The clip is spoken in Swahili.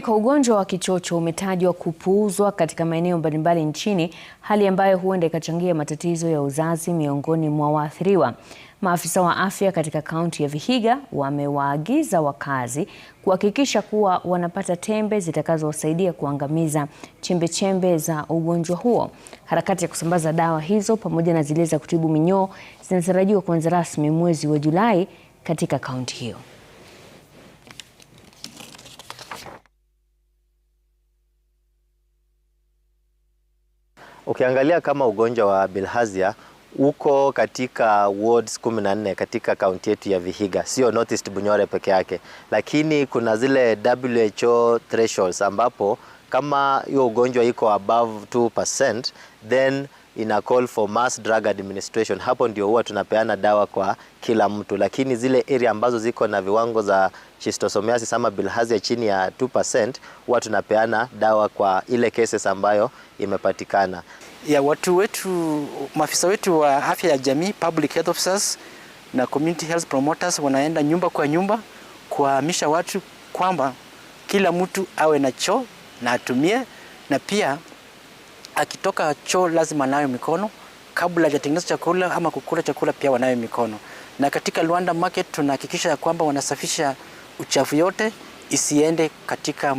Kwa ugonjwa wa kichocho umetajwa kupuuzwa katika maeneo mbalimbali nchini, hali ambayo huenda ikachangia matatizo ya uzazi miongoni mwa waathiriwa. Maafisa wa afya katika kaunti ya Vihiga wamewaagiza wakazi kuhakikisha kuwa wanapata tembe zitakazowasaidia kuangamiza chembechembe za ugonjwa huo. Harakati ya kusambaza dawa hizo pamoja na zile za kutibu minyoo zinatarajiwa kuanza rasmi mwezi wa Julai katika kaunti hiyo. Ukiangalia kama ugonjwa wa bilhazia uko katika wards 14 katika kaunti yetu ya Vihiga, sio North Bunyore peke yake, lakini kuna zile WHO thresholds ambapo kama hiyo ugonjwa iko above 2% then ina call for mass drug administration. Hapo ndio huwa tunapeana dawa kwa kila mtu, lakini zile area ambazo ziko na viwango za schistosomiasis ama bilharzia chini ya 2% huwa tunapeana dawa kwa ile cases ambayo imepatikana. Ya watu wetu, maafisa wetu wa afya ya jamii, public health officers na community health promoters wanaenda nyumba kwa nyumba kuhamisha watu kwamba kila mtu awe na choo na atumie na pia akitoka choo lazima nawe mikono kabla hajatengeneza chakula ama kukula chakula, pia wanawe mikono. Na katika Luanda Market tunahakikisha kwamba wanasafisha uchafu yote isiende katika